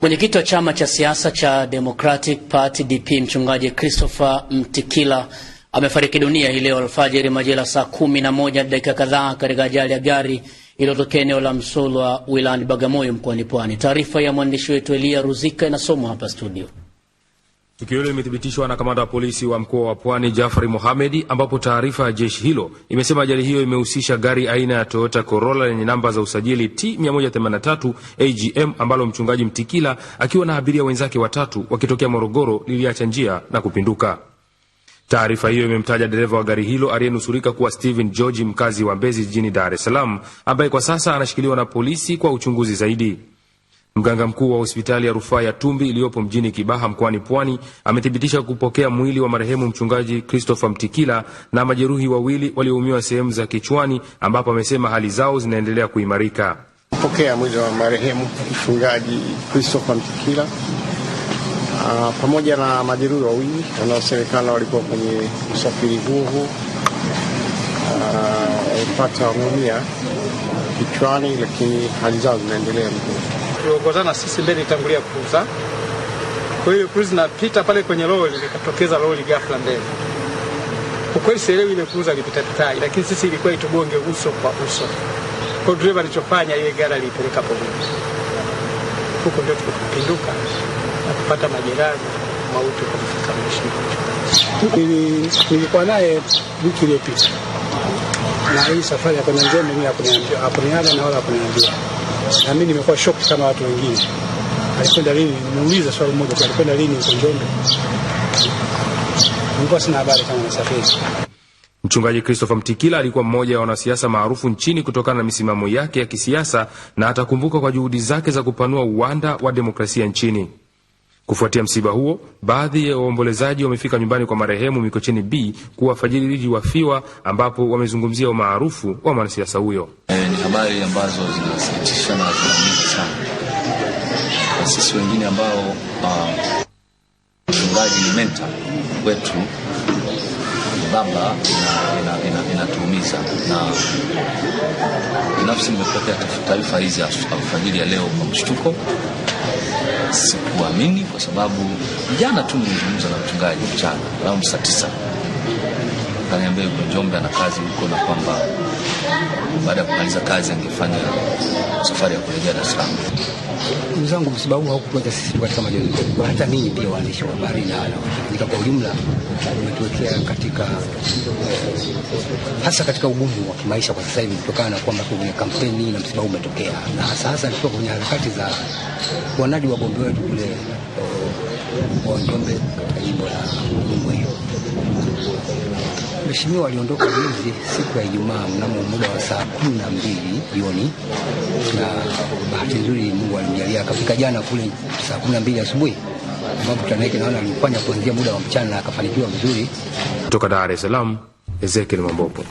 Mwenyekiti wa chama cha siasa cha Democratic Party DP mchungaji Christopher Mtikila amefariki dunia hii leo alfajiri majira saa kumi na moja dakika kadhaa katika ajali ya gari iliyotokea eneo la Msolwa wilayani Bagamoyo mkoani Pwani. Taarifa ya mwandishi wetu Elia Ruzika inasomwa hapa studio. Tukio hilo limethibitishwa na kamanda wa polisi wa mkoa wa Pwani Jafari mohamed ambapo taarifa ya jeshi hilo imesema ajali hiyo imehusisha gari aina ya Toyota Corolla lenye namba za usajili T 183 AGM ambalo mchungaji Mtikila akiwa na abiria wenzake watatu wakitokea Morogoro liliacha njia na kupinduka. Taarifa hiyo imemtaja dereva wa gari hilo aliyenusurika kuwa Steven George, mkazi wa Mbezi jijini Dar es Salaam, ambaye kwa sasa anashikiliwa na polisi kwa uchunguzi zaidi. Mganga mkuu wa hospitali ya rufaa ya Tumbi iliyopo mjini Kibaha mkoani Pwani amethibitisha kupokea mwili wa marehemu mchungaji Christopher Mtikila na majeruhi wawili walioumiwa sehemu za kichwani, ambapo amesema hali zao zinaendelea kuimarika. Pokea mwili wa marehemu mchungaji Christopher Mtikila uh, pamoja na majeruhi wawili wanaosemekana walikuwa kwenye usafiri huo huo ah, walipata uh, wameumia kichwani, lakini hali zao zinaendelea mkuu tuliongozana sisi, mbele itangulia kuuza. Kwa hiyo cruise napita pale kwenye lori, likatokeza lori ghafla mbele. Kwa kweli sielewi ile cruise ilipita pitai, lakini sisi ilikuwa itugonge uso kwa uso. Kwa driver alichofanya, ile gari ilipeleka polisi. Huko ndio tukapinduka na kupata majeraha mauti kwa kufika mwisho. Nilikuwa naye wiki iliyopita na hii safari ya kwenda Njombe mimi hakuniambia, hakuniaga na wala hakuniambia na mimi nimekuwa shocked kama watu wengine. Alikwenda lini? Nimuuliza swali moja tu, alikwenda lini huko Njombe? Nilikuwa sina habari kama nasafiri. Mchungaji Christopher Mtikila alikuwa mmoja wa wanasiasa maarufu nchini kutokana na misimamo yake ya kisiasa na atakumbuka kwa juhudi zake za kupanua uwanda wa demokrasia nchini. Kufuatia msiba huo, baadhi ya waombolezaji wamefika nyumbani kwa marehemu Mikocheni B kuwafajiri wafiwa, ambapo wamezungumzia umaarufu wa mwanasiasa huyo. Eh, ni habari ambazo zinasikitisha na mingi sana na sisi wengine ambao ah, mchungaji ni menta wetu baba, inatuumiza na binafsi nimepokea taarifa hizi alfajiri ya leo kwa mshtuko sikuamini kwa sababu jana tu nilizungumza na mchungaji mchana around saa tisa, akaniambia yuko Njombe ana kazi huko na kwamba baada ya kumaliza kazi angefanya safari ya kurejea Dar es Salaam. Ndugu zangu, msiba haukutuacha sisi katika majonzi, hata mimi pia waandishi wa habari na wanaika kwa ujumla umetuwekea katika eh, hasa katika ugumu wa kimaisha kwa sasa hivi, kutokana na kwamba kwenye kampeni na msibabu umetokea, na hasa hasa alikuwa kwenye harakati za wanadi wagombea wetu kule eh, Njombe katika jimbo la hiyo Mheshimiwa aliondoka juzi siku ya Ijumaa mnamo muda wa saa kumi na mbili jioni, na bahati nzuri Mungu alimjalia akafika jana kule saa kumi na mbili asubuhi ambapo tanaeke naona alifanya kuanzia muda wa mchana na akafanikiwa vizuri. Kutoka Dar es Salaam, Ezekiel Mambopo.